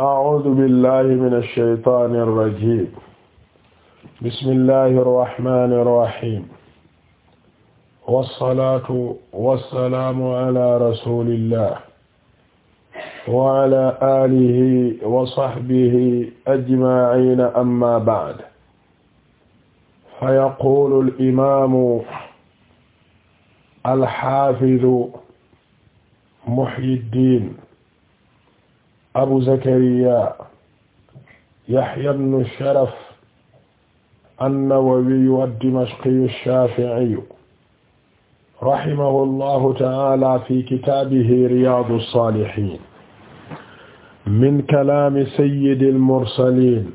أعوذ بالله من الشيطان الرجيم بسم الله الرحمن الرحيم والصلاة والسلام على رسول الله وعلى آله وصحبه أجمعين أما بعد فيقول الإمام الحافظ محي الدين abu zakariya yahya ibnu sharaf annawawiyu ad-dimashqiyu ash-shafi'iyu rahimahu llahu ta'ala fi kitaabihi riyaadu saalihiin min kalaami sayyidil mursaliin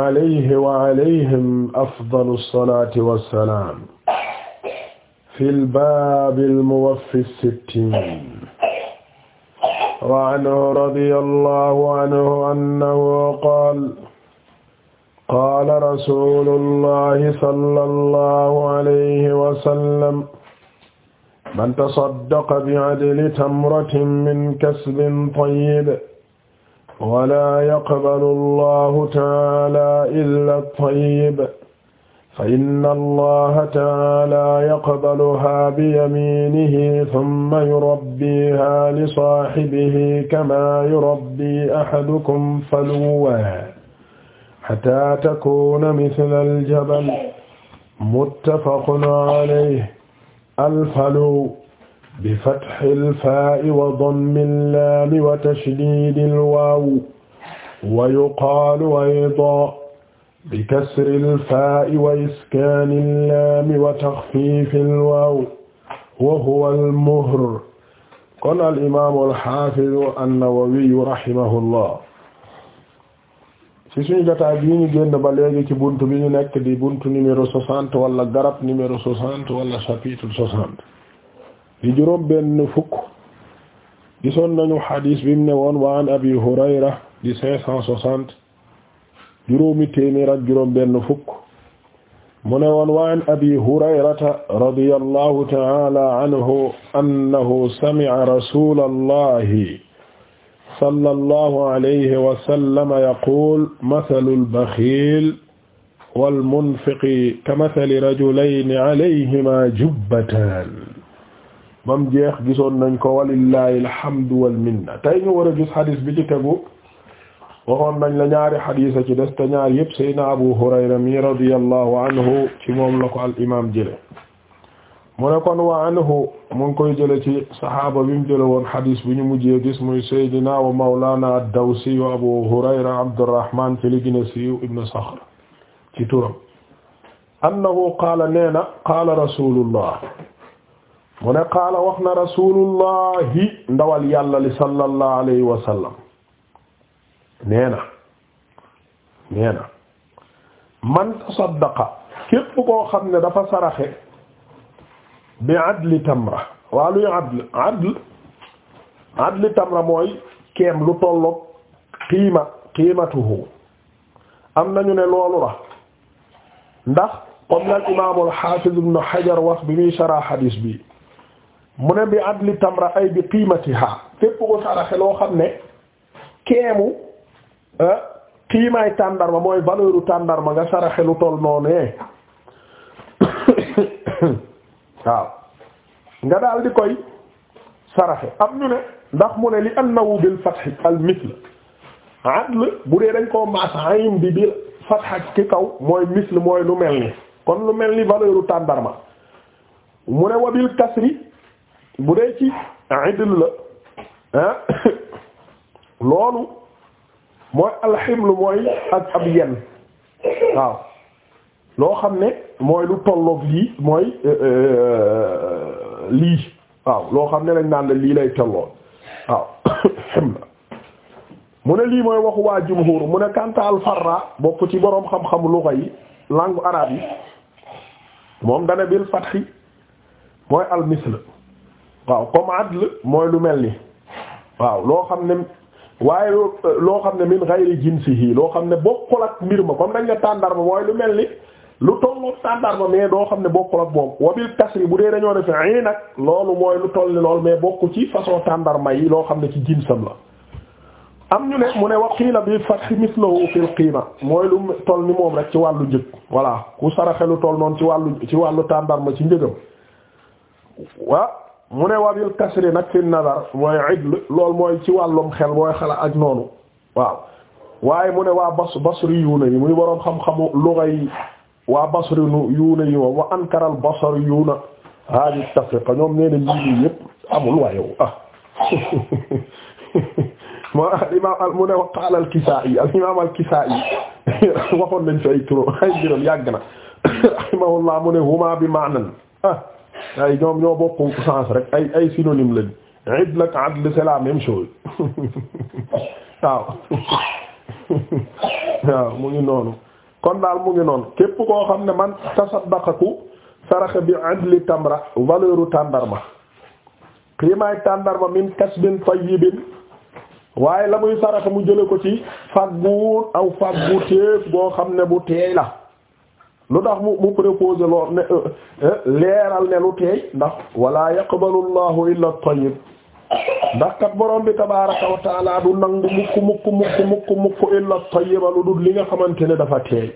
alayhi wa alayhim afdalu salaati wa salaam fil baabil muwaffi sittiin وعنه رضي الله عنه أنه قال قال رسول الله صلى الله عليه وسلم من تصدق بعدل تمرة من كسب طيب ولا يقبل الله تعالى إلا الطيب fa inna allaha taala yaqbaluha biyaminihi thumma yurabbiha li saahibihi kama yurabbi ahadukum faluwaa hatta takuuna mithla aljabal muttafaqun alayhi alfalu bifathi alfaa'i wa dammi allaami wa tashdiidi alwaaw wa yuqaalu aydan bi kasri lfaa'i wa iskaani llaami wa taxfiifi lwaaw wa huwa almuhr kon al imaamu alxaafidu annawawiyu rahimahullah ci suñu gataa bii ñu génn ba léegi ci bunt bi nekk di bunt numéro soixante wala garab numéro soixante wala chapitre soixante di juróom benn fukk gisoon nañu xadiis bi mu wa an abi hurayra di juróomi téeméer ak juróom benn fukk mu ne woon wa an abi hurayrata radiyallahu ta'ala anhu annahu sami'a rasulallahi sallallahu alayhi wa sallam yaqul mathalul bakhil wal munfiqi kamathali rajulayni alayhima jubbatan bam jeex gisoon nañ ko walillahi alhamdu wal minna tey ñu war a gis hadis bi ci tegu waxoon nañ la ñaari xadiis a ci des te ñaar Abu Hurayra mi radiyallahu anhu ci moom la ko al imaam jële mu kon wa anhu mu koy jële ci saxaaba bi mu jële woon xadiis bi ñu mujjee gis muy Seydina wa Mawlana ad-Dawsi wa Abu Hurayra Abdurrahman ci a siiw ibn Sakhr ci turam annahu qaala nee na qaala rasulullah mu ne qaala wax na rasulullahi ndawal yàlla li sallallahu alayhi wa nee na nee man tasaddaqa képp koo xam ne dafa saraxe bi adli tamra waa luy adl adl adli tamra mooy keem lu tolloog qiima qiimatuhu am nañu ne loolu la ndax comme nag imaam al-Hafiz ibn Hajar wax bi muy sharah hadis bi mu ne bi adli tamra ay bi qiimatiha képp ko saraxe loo xam ne keemu xiimaay eh? tàndarma mooy valeuru tàndarma nga saraxe lu toll noonee waaw nga daal di koy saraxe am ñu ne ndax mu ne li annahu bil fathi al misl adl bu dee dañ koo maas ayim bi bil fath ci kaw mooy misl mooy lu mel ni kon lu mel ni valeuru tàndarma mu ne wabil kasri bu dee ci adl la eh? loolu mooy alximlu mooy ak ab yen waaw loo xam ne mooy lu tolloog lii mooy euh, euh, lii waaw loo xam ne lañ naan la lii lay tolloo waaw ximla mu ne lii mooy waxu waa jumhur mu ne kanta alfarra bokk ci boroom xam-xamu luxa yi langue arabe yi moom dana fatxi mooy almisle waaw comme adl mooy lu mel ni waaw loo xam ne waaye euh, loo xam ne min ghayri jinsihi loo xam ne bokkul ak mbir ma comme dañ nga tàndarma mooy lu mel ni lu tolloog tàndarma mais doo xam ne bokkul ak moom wabil kasri bu dee dañoo defe ay nag loolu mooy lu toll ni loolu mais bokku ci façon tàndarma yi loo xam ne ci jinsam la am ñu ne mu ne waqiila bi fathi mislahu fil qiima mooy lu toll ni moom rek ci wàllu njëkk voilà ku saraxe lu toll noonu ci wàllu ci wàllu tàndarma ci njëgam wa mu ne wabil kasri nag fi nazar mooy idl loolu mooy ci wàllum xel mooy xalaat ak noonu waaw waaye mu ne waa bas basri yuuna yi muy boroom xam-xamu luga yi waa basri yuuna yi moom wa ankaral basri yuuna hadi tafriqa ñoom nee nañ lii yëpp amul yow ah moo mu ne wa qaala al Kisaa'i al imaam al Kisaa'i waxoon nañ fi ay turo ay mbiram yàgg na rahimahullah huma bi maanan ah ay ñoom ñoo bokk sens rek ay ay synonyme lañ idl ak adl c'est la même mu ngi noonu kon daal mu ngi noon képp koo xam ne man tasaddaqaku saraxe bi adli tamra valeur u tàndarma xiimaay tàndarma min kasbin tayyibin waaye la muy saraxe mu jële ko ci fagguur aw faggu téef boo xam ne bu teey la lu tax mu mu proposé lool ne euh, euh, leeral ne lu teey ndax wala yaqbalu llahu illa at-tayyib ndax kat borom bi tabaaraka wa taala du nangu mukk mukk mukk mukk mukk illa at-tayyib lu dul li nga xamante ne dafa teey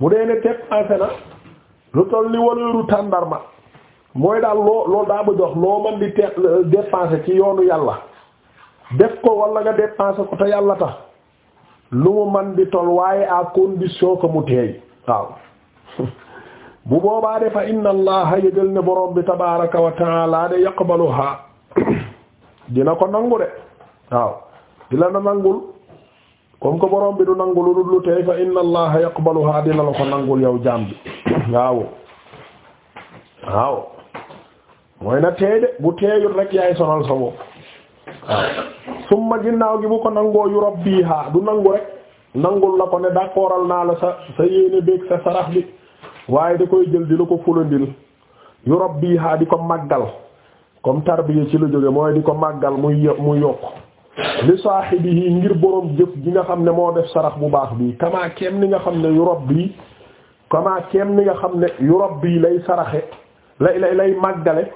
mu dee ne teg na lu toll ni waleeru tàndarma mooy daal loo daa ba jox loo mën di te euh, dépenser ci yoonu yàlla def ko wala nga dépenser ko te yàlla tax lu mu man di tol waaye à condition que mu teey waaw bu boobaa de fa inna allaha ne borom bi tabaraka wa taala de yaqbaluha dina ko nangu de waaw dina na nangul comme que borom bi du nangul lu lu tey fa inna allaha yaqbaluha dina la ko nangul yaw jaam bi waaw waaw mooy na teey de bu teeyul rek yaay sonal sa bopp waaw summa ginnaaw gi bu ko nangoo yu rabbiha du nangu rek nangul la ko ne d'accordal naa la sa sa yéene béeg sa sarax bi waaye da koy jël di la ko fulandil yu rabbi haa di ko màggal comme tarbiya ci la jóge mooy di ko màggal muy muy yokk li saahibihi ngir borom jëf gi nga xam ne moo def sarax bu baax bii kamaa keem ni nga xam ne yu rabbi kamaa keem ni nga xam ne yu rabbi lay saraxe lay lay màggale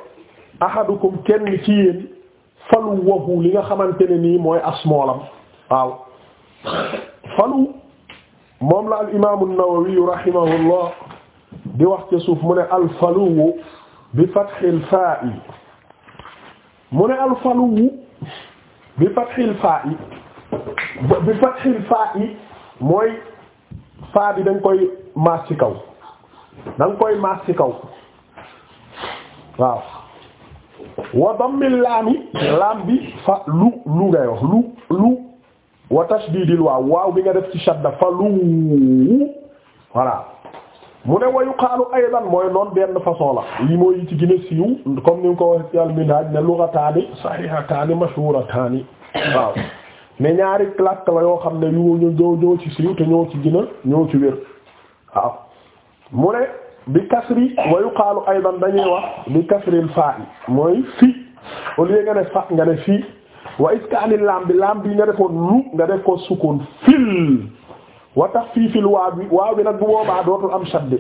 màggale ko kenn ci yéen falu wahu li nga xamante nii mooy asmoolam waaw falu moom la al imaamu Nawawi rahimahullah di wax ca suuf mu ne alfaluwu bi fathil faa'i mu ne alfaluwu bi fathil faa'i bi fathil faa'i mooy faa bi dañ koy maas ci kaw dañ koy maas ci kaw waaw wa dammil laami laam bi fa lu lu ngay wax lu lu wa tashdidil waaw waaw bi nga def ci shadda falu voilà mu ne wayu xaalu aydan mooy noon benn façon la li mooy ci gën a siiw comme ni nga ko waxee ci al-Minhaj ne lughataani sahihataani mashhurataani waaw mais ñaari làkk la yoo xam ne yu ñu ñoo ñoo ci siiw te ñoo ci gën a ñoo ci wér waaw mu ne bi kasri wayu xaalu aydan dañuy wax bi kasril faa mooy fi au lieu nga ne fa nga ne fii wa iskaanil laam bi laam nga defoon lu nga def ko sukkoon fil wa taxfiifil waaw bi waaw bi nag bu boobaa dootul am shadd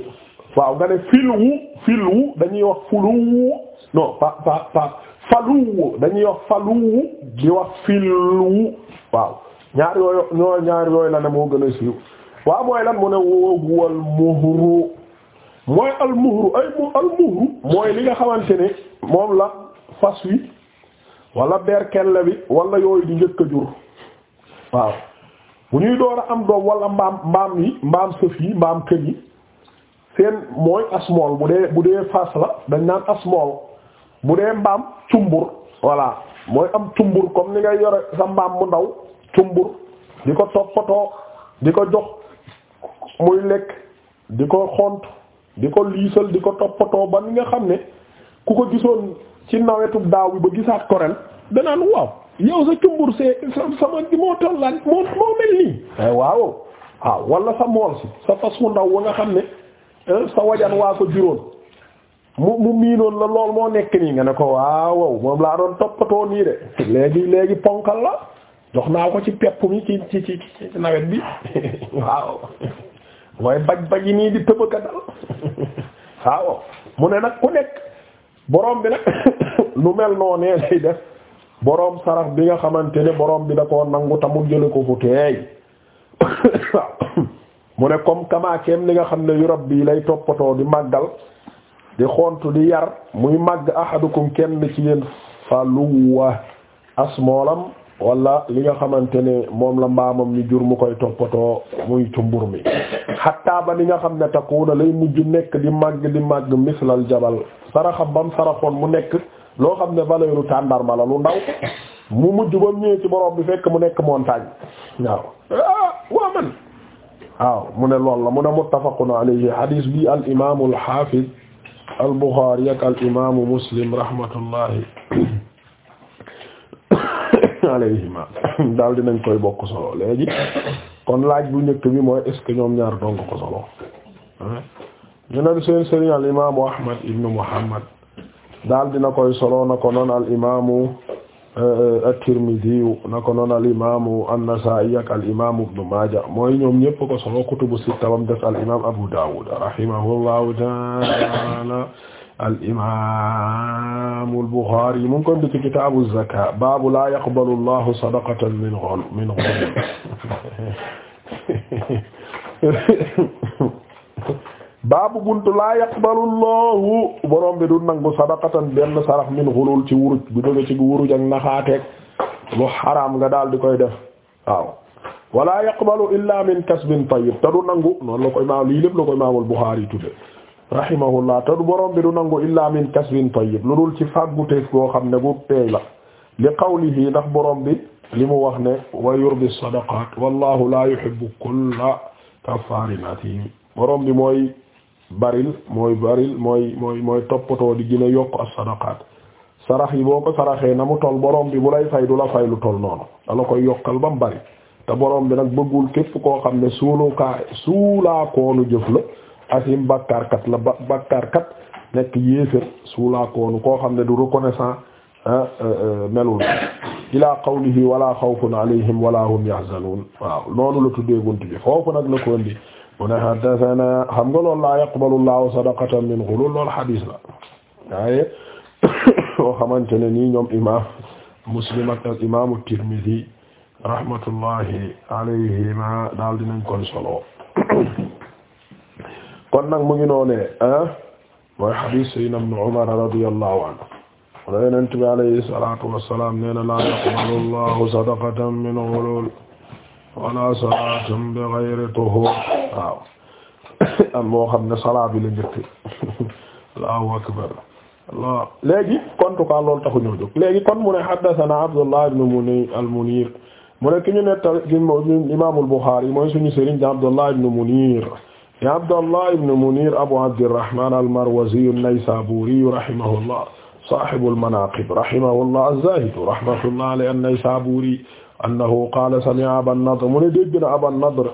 waaw nga ne fil wu fil wu dañuy wax fuluwu non pa pa pa faluwu dañuy wax faluwu di wax fil wu waaw ñaar yooyu ñoo ñaar yooyu la ne moo gën a siiw waaw mooy lan mu ne wóoguwal muhru mooy al ay mu al mooy li nga xamante ne moom la fas wi wala berkelle bi wala yooyu di njëkk a jur waaw bu ñuy door a am doom wala mbaam mbaam yi mbaam sëf yi mbaam kër yi seen mooy asmool bu dee bu dee fas la dañ naan asmool bu dee mbaam cumbur voilà mooy am cumbur comme ni ngay yore sa mbaam mu ndaw cumbur di ko toppatoo di ko jox muy lekk di ko xont di ko liisal di ko toppatoo ba ni nga xam ne ku ko gisoon ci nawetub daaw bi ba gisaat ko ren danaan waaw yow sa cumbur see sama gi moo tollaan moo moo mel nii eh, waaw waaw ah, wala sa mool sa fas wu ndaw wa nga xam ne eh, sa wajan waa ko juróon mu mu miinoon la lool moo nekk nii nga ne ko waaw moom laa doon toppatoo nii de léegi léegi ponkal la jox naa ko ci pepp mi ci ci ci nawet bi waaw mooy baj baji nii di tëbëka dal waaw mu ne nag ku nekk borom bi nag lu mel noonee lay def boroom sarax bi nga xamante ne borom bi da koo nangu ta jële ko fu teey mu ne comme kamaakeem li nga xam ne yu rabbi lay toppatoo di màggal di xontu di yar muy màgg ahadukum kenn ci yéen faluwa asmoolam wala li nga xamante ne moom la mbaamam ni jur mu koy toppatoo muy cumbur mi xattaa ba li nga xam ne takkuuna lay mujj nekk di màgg di màgg mislal jabal saraxam bam saraxoon mu nekk loo xam ne valeuru tàndarma la lu ndaw mu mujj ba ñëwee ci borom fekk mu nekk montagne waaw ah, waa man waaw mu ne lool la mu ne muttafaqun alayhi hadis bi al imaamu al hafiz al buxaari ak al imaamu muslim rahmatullahi alayhima daal dinañ koy bokk solo léegi kon laaj bu njëkk bi mooy est ñoom ñaar dong ko solo ñu ne seen sëriñ al imaamu Ahmad ibnu Muhammad daal dina koy solo na ko noon al imaamu euh, at-Tirmidhi na ko noon al imaamu an-Nasa'i ak al imaamu ibnu Maaja mooy ñoom ñëpp ko solo kutubu sitta bam al imaam Abu Dawud rahimahullahu ta'ala al imaamu al-Bukhari mu ngi koy indi ci kitaabu zakaat baabu laa yaqbalu Allahu min ghulm baabu buntu la yaqbalu llahu borom bi du nangu sadaqatan benn sarax min xulul ci wuruj bu dëgg ci wuruj ak naxaateeg lu xaraam nga daal di koy def waaw wala yaqbalu illa min kasbin tayyib te du nangu noonu la ko imaam lii lépp la ko imaamul Buxaari tudde rahimahullah te du borom bi du nangu illa min kasbin tayyib lu dul ci fàgguteef boo xam ne bu teey la li qawlihi ndax borom bi li mu wax ne wa yurbi sadaqat wallahu la yuhibbu kulla kaffaarin athim borom baril mooy baril mooy mooy mooy toppatoo di gën yokk as-sadaqaat sarax yi boo ko saraxee na mu toll borom bi bu lay fay du la fay lu toll noonu dala koy yokkal ba mu bari te borom bi nag bëggul képp koo xam ne suulukaa suulaakoonu jëf la asim bàkkaarkat la ba bàkkaarkat nekk yéefér suulaakoonu koo xam ne du reconnaissant euh, euh, melul ilaa xaw wala xawfun alayhim wala hum yahzanuun waaw noonu la tuddee bunt bi foofu nag la ko indi mu ne haddathana xam nga loolu laa yaqbalu min ghulul loolu xadiis la waaye boo xamante ne nii ñoom imaam Muslim ak imaamu Tirmidhi rahmatullahi alayhima daal dinañ koy solo kon nag mu ngi noonee ah mooy xadiis Sayyidina Ibn Umar radiyallahu anhu Yonent bi alayhi salaatu wa salaam nee na laa yaqbalu Allahu sadaqatan min ghulul wala salaatum bi ghayri tuhur waaw am moo xam ne salaa bi la njëkk allahu akbar allah léegi kon tout cas loolu taxu ñëw jóg léegi kon mu ne haddathana Abdullah ibn Munir al-Munir mu ne ki ñu nettal ki imaam al-Bukhari mooy suñu sëriñ di Abdullah ibn Munir ya Abdullah ibn Munir Abu Abdirrahman al-Marwazi an-Naysaburi rahimahullah sahibul manaqib rahimahullah az-Zahid rahmatullah alayhi an-Naysaburi annahu qaala sami'a Aban Nadr mu ne dégg na Aban Nadr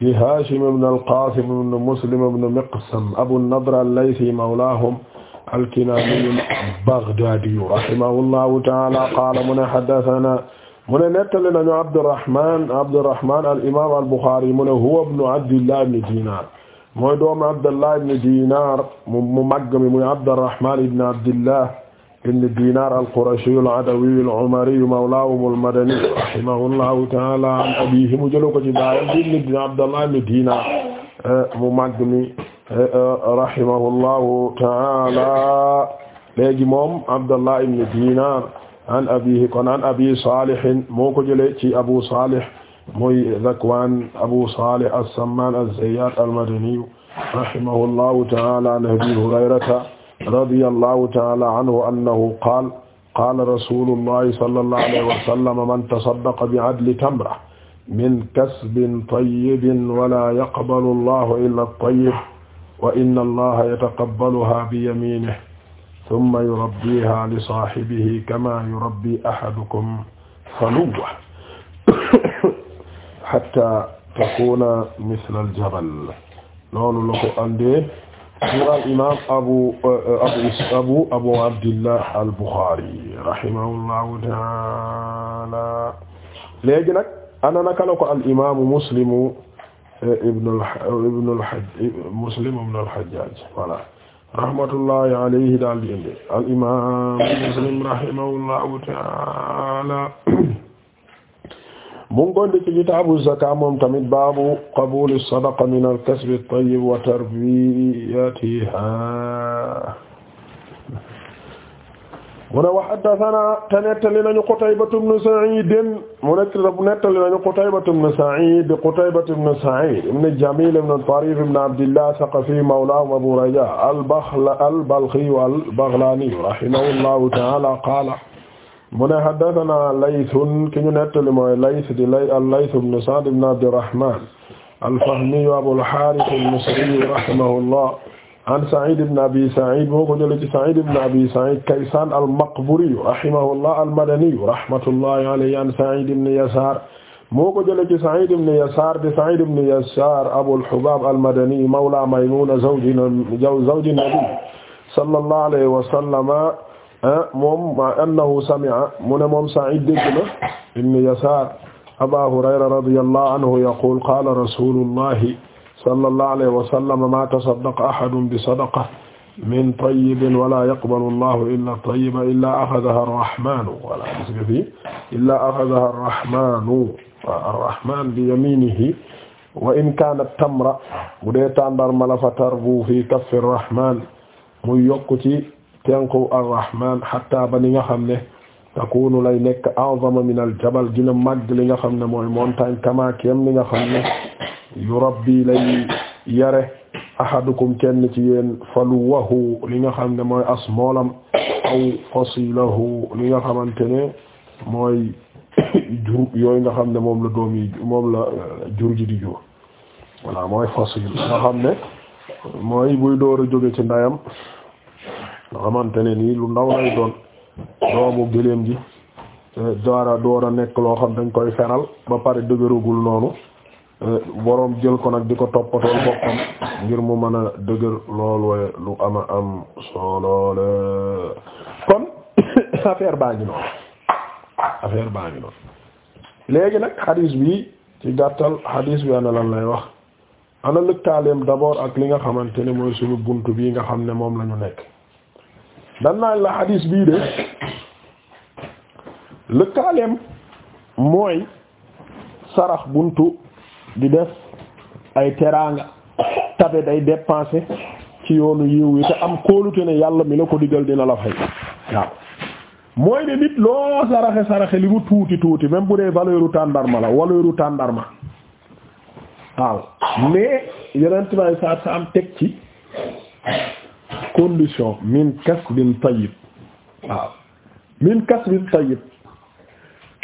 di Haashim ibn al-Qaasim ibn Muslim ibn Miqsam Abu Nadr al-Laythi mawlaahum al-Kinaani al-Baghdaadi rahimahullahu ta'aala qaala mu ne haddathanaa mu ne nettali nañu Abdurrahmaan Abdurrahmaan al-imaam al-Bukhaari mu ne huwa ibnu Abdillah ibn Diinaar mooy doomu Abdallah ibn Diinaar mu màgg mi muy Abdurrahmaan ibn Abdillah ibn dinar al-qurashiyu al-adawiyu al-umariyu mawlaahum al-madaniyu rahimahullahu ta'ala an abiihi mu jëloo ko ci baayam ibn abdallah ibn dinar mu màgg mi rahimahullahu ta'ala léegi moom abdallah ibn dinar an abiihi kon an abi salih moo ko jëlee ci abu salih mooy Zakwan Abu Salih as-Samman az-Zayyat al-Madaniyu rahimahullahu ta'ala an Abi Hurayrata radiyallahu ta'ala anhu annahu qaala qaala rasuulullahi sallallahu alayhi wa sallam man tasaddaqa bi'adli tamra min kasbin tayyibin wala yaqbalu allahu illa at-tayyib wa inna allaha yataqabbaluha biyaminihi thumma yurabbiha li saahibihi kama yurabbi ahadukum faluwah hatta takuna mithla al-jabal loolu la ko andee pour al imaam abu euh, euh, abu abu abdillah al buxaari rahimahullahu taala léegi nag ana naka la ko al imaamu muslimu ibnu euh, ibnu muslim ibnu al hajjaaj voilà rahmatullahi alayhi daal di indi al imaam muslim rahimahullahu taala mu ngi koy def ci kitaabu zaka moom tamit baabu qabuli sadaqa min al-kasbi at-tayyib wa tarbiyatiha mu ne wa haddathana te nettali nañu Qutaybatu ibn Sa'id mu ne nettali nañu Qutaybatu ibn Sa'id Qutaybatu ibn Sa'id ibn Jamil ibn Tarif ibn Abdillah Thaqafi mawlahum Abu Raja al-Balkhi al-Baghlani rahimahullahu ta'ala qala mu ne haddathana Laythun ki ñu nettali mooy Layth di lay al-Layth ibn Sa'd ibn Abdirrahman al-Fahmi Abul Harith al-Misri rahimahullah an Sa'id ibn Abi Sa'id moo ko jëlee ci Sa'id ibn Abi Sa'id Kaysan al-Maqburi rahimahullah al-Madani rahmatullahi alayhi an Sa'id ibn Yasar moo ko jëlee ci Sa'id ibn Yasar di Sa'id ibn Yasar Abul Hubab al-Madani mawla Maymuna zawji zawji Nabi sallallahu alayhi wa sallam Ah, moom ma annahu sami'a mu ne moom Sa'id dégg na ibn Yasar Aba Hurayra radiyallahu anhu yaqul qala rasulullahi sallallahu alayhi wa sallam ma tasaddaqa ahadun bi sadaqatin min tayyibin wala yaqbalu Allahu illa tayyiban illa akhadhaha ar-rahmanu wala gis fi illa akhadhaha ar-rahmanu ar-rahman bi yaminihi wa in kanat tamra bu dee tàndar mala fa tarbu fi kaffi ar-rahman muy yokk ci tenku arrahman hatta ba ni nga xam ne takunu lay nekk a'zama min al jabal dina màgg li nga xam ne mooy montagne kama li nga xam ne yu yurabbi lay yare ahadukum kenn ci yéen faluwahu li nga xam ne mooy asmoolam aw fasilahu li nga xamante ne mooy jur yooyu nga xam ne moom la doom yi moom la euh, jur ji di jur voilà mooy fasil nga xam ne mooy buy door a jóge ci ndayam nga xamante ne nii lu ndaw lay doon doomu gëléem gi eh, doora door a nekk loo xam dañ koy feral ba pare dëgëragul noonu eh, boroom jël ko nag di ko toppatool boppam ngir mu mën a dëgër lool waaye lu ama am solo la kon affaire baa ngi noonu affaire baa ngi noonu léegi nag xadiis bi ci gàttal xadiis bi ana lan lay wax ana lëkkaaleem d'abord ak li nga xamante ne mooy suñu bunt bi nga xam ne moom lañu nekk dan naan la xadiis bii de lëkkaaleem mooy sarax buntu di def ay teraanga tabe day dépenser ci yoonu yiw yi te am kóolute yàlla mi la ko digal dina la fay waaw mooy de nit loo saraxe saraxe li mu tuuti tuuti même bu dee valeur u tàndarma la valeur tàndarma waaw mais yeneen tubaab yi saa am teg ci condition min kasbin tayyib waaw min kasbin tayyib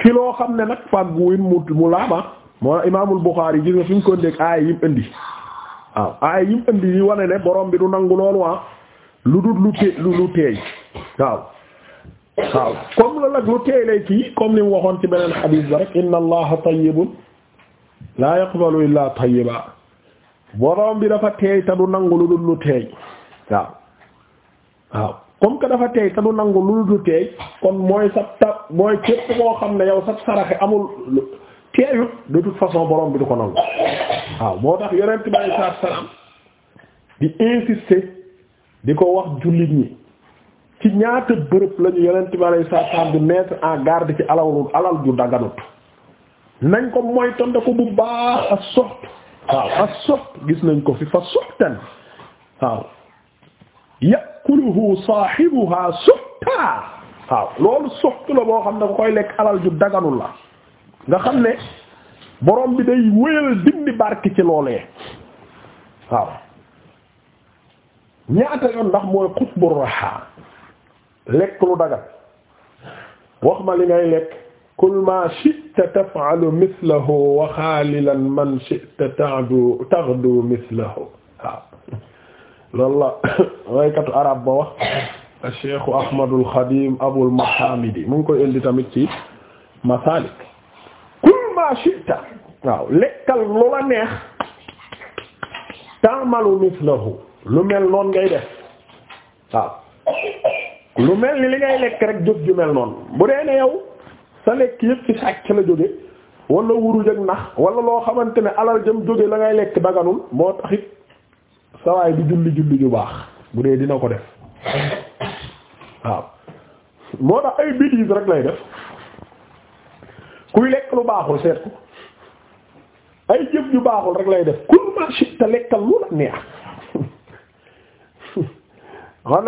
ki loo xam ne nag fàgguwin mu mu laaba ah, moo imaamul Buxaari gis fi ñu ko dégg aaya yim indi waaw aaya yim indi yi wane ne borom bi du nangu loolu waa ah, lu dul lu te lu teey waaw waaw comme la nag lu teey lay kii comme ni mu waxoon ci beneen xadiis ba rek inna allaha tayyibun laa yaqbalu illaa tayyiba borom bi dafa teey te du nangu lu dul lu teey waaw waaw comme que dafa teey te du nangu lu du teey kon mooy sa mooy képp koo xam ne yow sa saraxe amul teeyut de toute façon borom bi du ko nangu waaw moo tax yonent bi sallallahu alayhi wasallam di insister di ko wax jullit ñi ci ñaata bërëb lañu yonent bi sallallahu alayhi wasallam di mettre en garde ci alawul alal ju daganut nañ ko mooy tonte ko bu baax ak soxt waaw ak soxt gis nañ ko fi fa soxtan waaw yakuluhu saahibuha suxta waaw loolu suxtu la boo xam ne ku koy lekk alal ju daganul la nga xam ne borom bi day wéyal dindi barki ci loolee waaw ñaata yoon ndax mooy xutbu raha lekk lu dagan wax ma li ngay lekk kul ma shi'ta taf'alu mithlahu wa xaalilan man shi'ta ta'du taghdu mithlahu waaw loolu la waykatu arab ba wax cheikhu ahmadul xadim abul mahamidi mu ngi koy indi tamit ci masalik kul ma shi'ta waaw lekkal lu la neex ta'malu mislahu lu mel noon ngay def waaw lu mel ni li ngay lekk rek jóg ju mel noonu bu dee ne yow sa lekk yëpp ci sàcc la jóge wala wuruj ak nax wala loo xamante ne alal jëm jóge la ngay lekk daganul moo taxit sawaay du julli julli ju baax bu dee dina ko def waaw moo tax ay bêtises rek lay def kuy lekk lu baaxul seet ko ay jëf ju baaxul rek lay def kul ma shitta lekkal lu la neex xam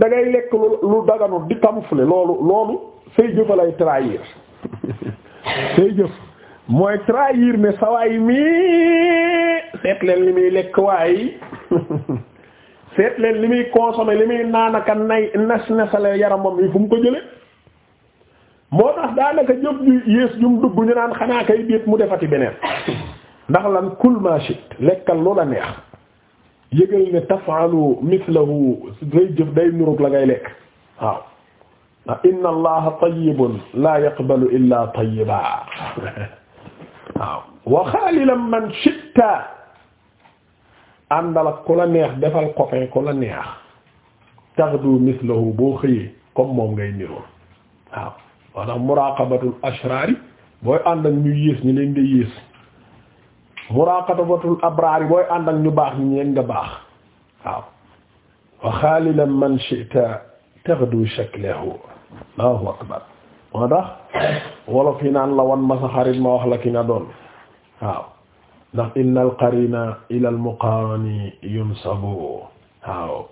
da ngay lekk lu lu daganul di camoufler loolu loolu say jëfa lay trahir say jëf mooy trahir ne sawaay mi seet li muy lekk waaye seet li muy consommer li muy naanaka nay nes nesale yaramam yi moo tax daanaka jëf ju jum dugg ñu naan xanaa kay déet mu defati beneen ndax lan kul ma shit lekkal lu la neex yëgal ne tafaalu mithlahu day jëf day nurug la ngay lekk waaw ndax inna allaha la illa tayyiba waaw wa xaalilan man shitta àndal ak ku la neex defal copain ku la neex taxdu mislahu boo xëyee comme moom ngay niroon waaw wax tax muraqabatul ashrar yi booy ànd ak ñu yées ñi leen nga yées muraqabatul abraar yi booy ànd ak ñu baax ñi leen nga baax waaw wa xaalilan man shi'ta taxdu shaklahu allahu akbar moo tax wolof yi naan la wan ma sa xarit ma wax la ki nga doon waaw ndax inna al qarina ila al muqarani yunsabu waaw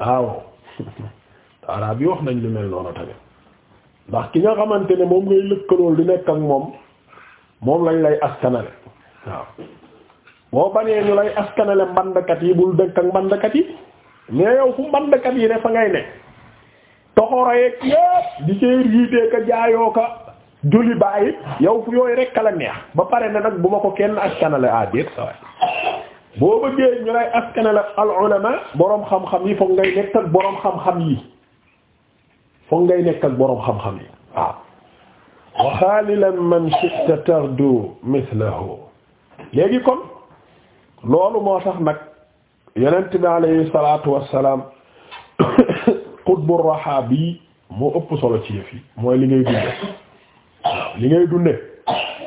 waaw arab wax nañ lu mel noonu tamit ndax ki nga xamante ne moom ngay lëkkalool di nekk ak moom moom lañ lay askanale waaw boo banee ñu lay askanale mbandkat yi bul dëkk ak mbandkat yi mais yow fu mbandkat yi ne fa ngay ne toxoro yeeg yépp di see riitee ka jaayoo ka julli bàyyi yow yooyu rekk la neex ba pare na nag bu ma ko kenn ak ah déet sa waay boo bëggee ñu lay askanale al ulama boroom xam-xam yi foog ngay nekk ak xam-xam yi foog ngay nekk ak boroom xam-xam yi waaw wa xaalilan man shi'ta tardu mithlahu léegi kon loolu moo tax nag yonent bi alayhi salaatu wassalaam qutbu raxaabi moo ëpp solo ci yëf yi mooy liggéey ngay li ngay dunde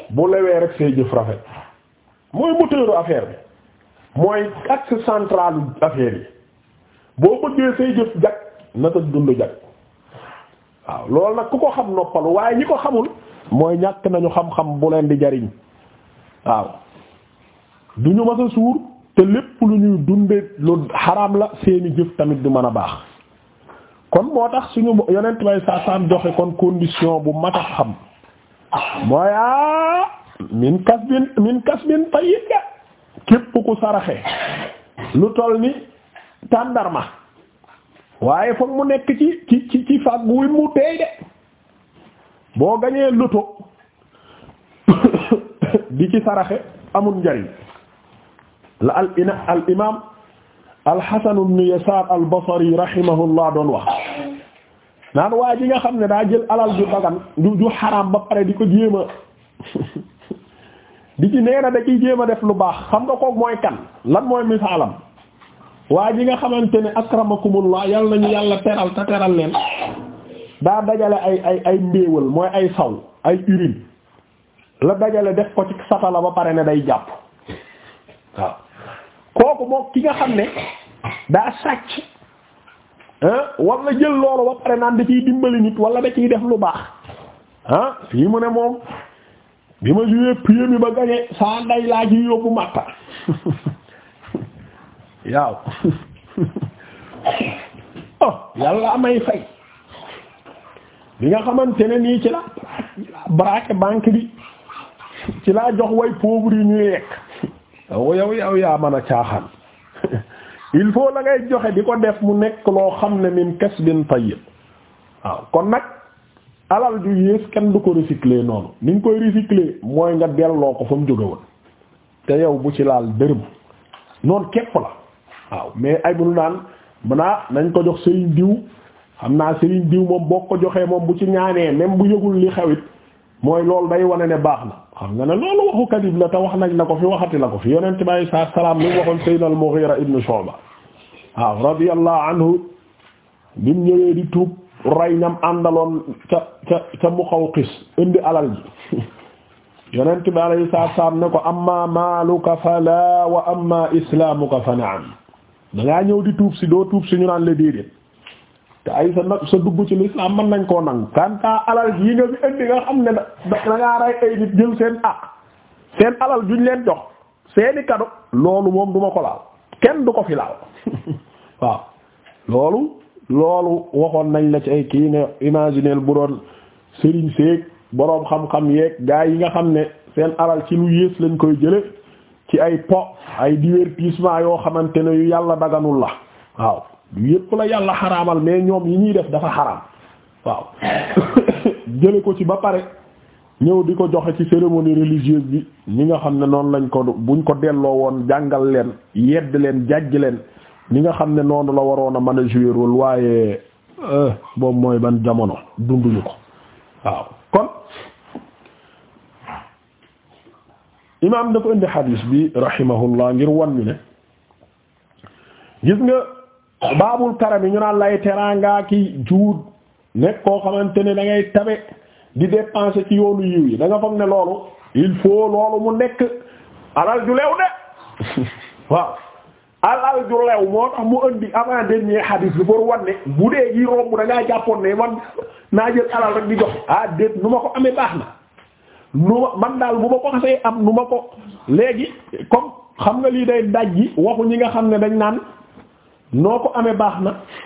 bu lewee rek say jëf rafet mooy moteuru affaire bi mooy axe central affaire yi boo bëggee say jëf jag na sa dund jag waaw loolu nag ku ko xam noppalu waaye ñi ko xamul mooy ñàkk nañu xam-xam bu leen di jariñ waaw du ñu masa suur te lépp lu ñuy dunde lu xaraam la seeni jëf tamit du mën a baax kon moo tax suñu yonent bay saa joxe kon condition bu mat a xam mooy ah min kasbin min kasbin tayyib ga képp saraxe lu toll ni tàndarma waaye foog mu nekk ci ci ci mu teey de boo gañee loto di ci saraxe amul njariñ la al ina al imaam al hasan ibn yasaar al basri rahimahullah doon wax naan waa ji nga xam ne daa jël alal ju dagan ju ju xaraam ba pare di ko jéem di ci nee na da ciy jéem a def lu baax xam nga ko mooy kan lan mooy misaalam waa ji nga xamante ne akramakumullah yal nañu yàlla teral te teral leen daa dajale ay ay ay mbéewal mooy ay saw ay urine la dajale def ko ci satala ba pare ne day jàpp waaw kooku moo ki nga xam ne daa sàcc war na jël loolu ba pare naan da ciy dimbali nit wala da ciy def lu baax ah fii mu ne moom bi ma joué pied ba gañe saa nday laa ci yóbbu Makka yaaw oh yàlla amay nga xamante ne nii ci la braqué ci laa jox way pauvre yi ñuy yekk yow yaa mën a caaxaan il faut la ngay joxe di ko def mu nekk loo xam ne kes min kasbin tayyib waaw kon nag alal ju yées kenn du ko recycler noonu ni koy recycler mooy nga delloo ko fa mu jóge woon te yow bu ci laal dërëm noonu képp la waaw mais ay bul naan naa nañ ko jox sëriñ diw xam naa sëriñ diw moom boo ko joxee moom bu ci ñaanee même bu yëgul li xewit mooy loolu day wane ne baax na xam nga ne loolu waxu kadib la te nañ la ko fi waxati la ko fi yonent bi alayhi salaatu salaam li mu waxoon Sayyid al-Mughira ibn Shu'ba waaw radiyallahu anhu bi mu ñëwee di tuub ray ñam àndaloon ca Muqawqis indi alal ji yonent bi alayhi salaatu salaam ne ko amma maaluka falaa wa amma islaamuka fa na'am dangaa ñëw di tuub si doo tuub si ñu naan la déedéet te ay sa sa dugg ci lislaam mën nañ koo nangu kanta alal yi nga fi indi nga xam ne na da ngaa rey ay nit jël seen àq seen alal juñ leen jox seeni kado loolu moom duma ko laal kenn du ko fi laal waaw loolu loolu waxoon nañ la ci ay kii ne imagineel bu doon sëriñ seeg boroom xam-xam yeeg gaa yi nga xam ne seen alal ci lu yées lañ koy jële ci ay po ay divertissement yoo xamante ne yu yàlla daganul la waaw du yépp la yàlla xaraamal mais ñoom yi ñuy def dafa xaraam waaw jële ko ci ba pare ñëw di ko joxe ci cérémonie religieuse bi ñi nga xam ne noonu lañ ko buñ ko delloo woon jàngal leen yedd leen jàjj leen ñi nga xam ne noonu la waroon a mën a jouer rôle waaye euh, boobu mooy ban jamono dunduñu ko waaw kon imaam dafa indi xadiis bi rahimahullah ngir won ñu ne gis nga baabul karam yi ñu naan lay teraanga ki juut nekk koo xamante ne dangay ngay tabe di dépenser ci yoonu yiw yi da nga foog ne loolu il faut loolu mu nekk alal ju leew de waaw alal ju leew moo tax mu indi avant dernier hadith bi pour wan ne bu dee ji romb da ngaa jàppoon ne man naa jël alal rek di jox ah déet nu ma ko amee baax na nu ma man daal bu ma ko xasee am nu ma ko léegi comme xam nga lii day daj gi waxu ñi nga xam ne dañ naan. noo ko amee baax na